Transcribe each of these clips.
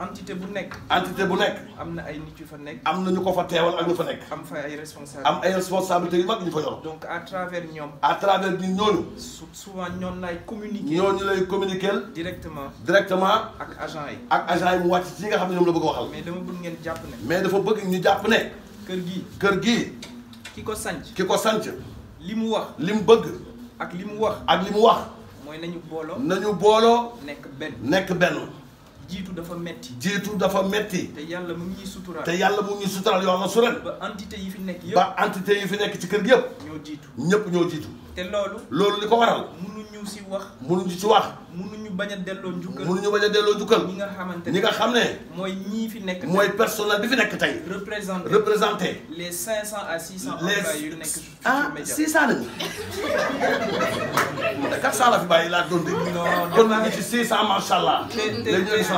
entité bu nek entité bu nek amna ay nit yu fa nek amna ñu ko fa téwal ak ñu fa nek am fa ay responsabilités am ay responsabilité yu mag ñu fa yor. donc à travers ñom à travers ñi ñooñu. souvent ñoon lay communiquer. ñooñu lay communiquer. directement directement. ak agent yi. ak agent yi mu wàcc ci nga xamni ñom la bëgg waxal. mais dama bëgg ngeen japp ne. mais dafa bëgg ñu japp ne. kër gi kër gi kiko sanc ki sanc. wax limu bëgg. ak limu wax ak limu wax. moy nañu bolo nañu bolo nek ben nek ben jiitu dafa metti jiitu dafa metti te yalla mu ngi suturaal te yalla mu ngi suturaal yalla nga ba entité yi fi nek yëpp ba entité yi fi nek ci kër gi yëpp ñoo jiitu ñëpp ñoo jiitu te lolu lolu liko waral mënu ñu ci wax mënu ñu ci wax mënu ñu baña delo njukkal mënu ñu baña delo njukkal ñi nga xamante ñi nga xamne moy ñi fi nek moy personnel bi fi nek tay représenter représenter les 500 à 600 cent les yu nekk ah six cent lañu man de la fi baye la doon de kon naa ngi ci 600 machallah macha allah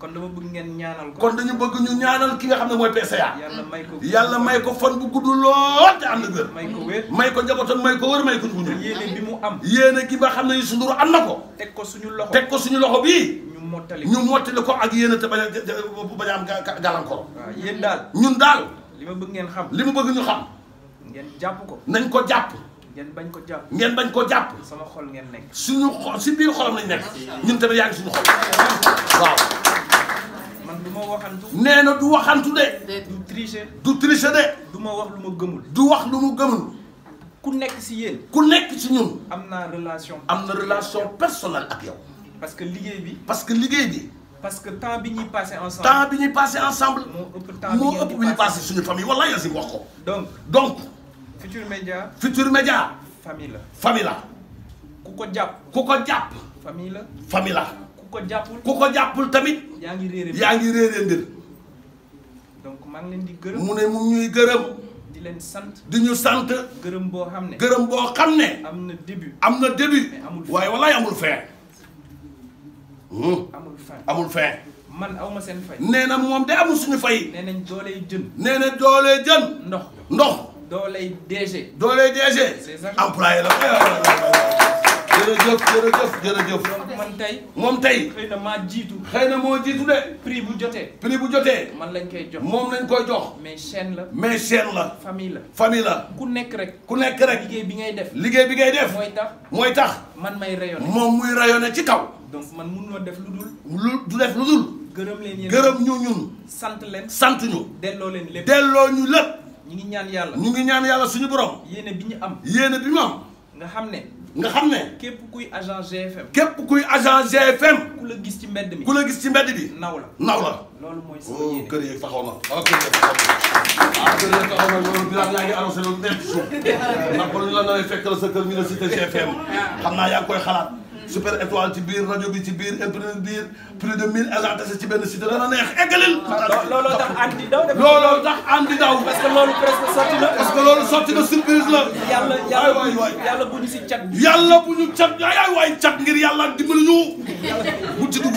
kon dama bëgg ngeen ñaanal kon dañu bëgg ñu ñaanal ki nga xam ne mooy PCA. yàlla may ko yàlla may ko fan bu gudd lool te na gër. may ko wér ko njabootam may ko wër may ko dugub. yéene bi mu am. yéene gi nga xam ne Youssou Ndour am na ko. teg ko suñu loxo teg ko suñu loxo bii. ñu mottali ko ñu mottali ko ak yéene te bañ a bañ a am gàllankoor. waaw yéen daal ñun daal. li ma bëgg ngeen xam li ma bëgg ñu xam. ngeen jàpp ko nañ ko jàpp. ngeen bañ ko jàpp ngeen bañ ko jàpp. sama xol ngeen nekk. suñu xol si biir xolam lañ nekk ñun tamit yaa ngi suñu xol waaw nee du de. du tricher. du de. du ma wax du wax ku ku ñun. relation. relation personnelle ak yow. parce que liggéey bi. parce que liggéey bi. parce que temps bi passé ensemble. temps bi passé ensemble. Mo ëpp temps bi passé suñu famille wax ko. donc donc. Futur Média. Futur Média. famille la. famille la. ku ko jàpp. ku ko famille la. famille la. ku ko jàppul. ku ko tamit. ngi maa ngi di gërëm mu ne mu ñuy gërëm. di sant di ñu sant. gërëm boo xam ne gërëm boo xam ne. am na début am na début. waaye walaay amul fin. Hmm? amul fin amul fin. man aw ma seen nee na moom de amul suñu fay. nee nañ jën. nee na doole jën. ndox ndox. dooley DG. dooley DG. employé la. jërëjëf jërëjëf jërëjëf. man tey. moom tey. xëy jiitu. xëy na moo jiitu de. prix bu jotee. prix bu jotee. man lañ koy jox moom lañ koy jox. mais chaîne la. mais chaîne la. famille la famille la. ku nekk rek. ku nekk rek liggéey bi ngay def. liggéey bi ngay def. mooy tax mooy tax. man may rayonné moom muy rayonné ci kaw. donc man mun mënuloo def lu dul. lu du def lu dul. gërëm leen yéen gërëm ñu ñun. sant leen sant ñu. delloo leen lépp delloo ñu lépp. ñu ngi ñaan yàlla ñu ngi ñaan yàlla suñu borom. yéene bi ñu am yéene bi ñu am. nga xam ne nga xam ne. képp kuy agent GFM. képp kuy agent GFM. ku la gis ci mbedd mi ku la gis ci mbedd bi. naw la naw la. loolu mooy sama yéene kër yi taxaw na. waaw kër yi taxaw na waaw kër yi taxaw na loolu bilaay yaa ngi arrosé loolu nekk suuf ndax ba lu la nawee fekk la sa kër ñu ne cité GFM xam naa yaa ngi koy xalaat. super étoile ci biir rajo bi ci biir imprimé biir plus de 1000 agents tase ci benn site dana neex eggalil. Ah, looloo tax andi daw. looloo tax andi daw. parce que loolu presque sotti na. parce que loolu sotti na surprise la. yàlla yàlla bu ñu si cat. yàlla bu ñu cat ay waay cat ngir yàlla dimbali ñu. bu ci dugg.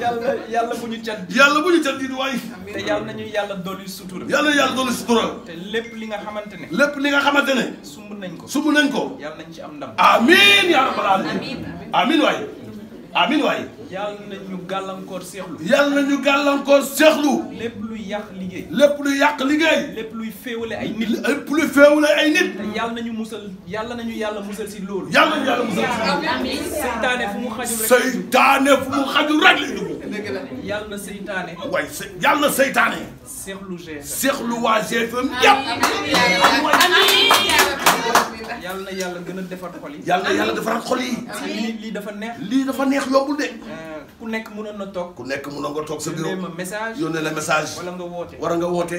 yàlla yàlla bu ñu cat. yàlla bu ñu cat di waay. te yàlla nañu yàlla dolli sutura. yàlla yàlla dolli sutura. te lépp li nga xamante ne. lépp li nga xamante ne. sumb nañ ko sumb nañ ko. yàlla nañ ci am ndam. amiin yaa rabbal aalamiin. amin waay amin waay yàlla na ñu gàllankoor seexlu yàlla na ñu gàllankoor seexlu lépp luy yàq liggéey lépp luy yàq liggéey lépp luy féewale ay nit lépp luy féewale ay nit te yàlla nañu musal yàlla nañu yàlla musal si loolu yàlla nañu yàlla musal si fu mu xajul rek yàlla na seytaane. waay se yàlla na seytaane. seexlu GFM seexlu waa GFM yàpp. amiin yàlla na yàlla gën a defar xol yi. yàlla na yàlla defaraat xol yi. lii lii dafa neex. lii dafa neex yombul de. ku nekk mënoon na toog. ku nekk mënoon nga toog sa bureau. yónnee ma message yónnee la message. wala nga woote wara nga woote.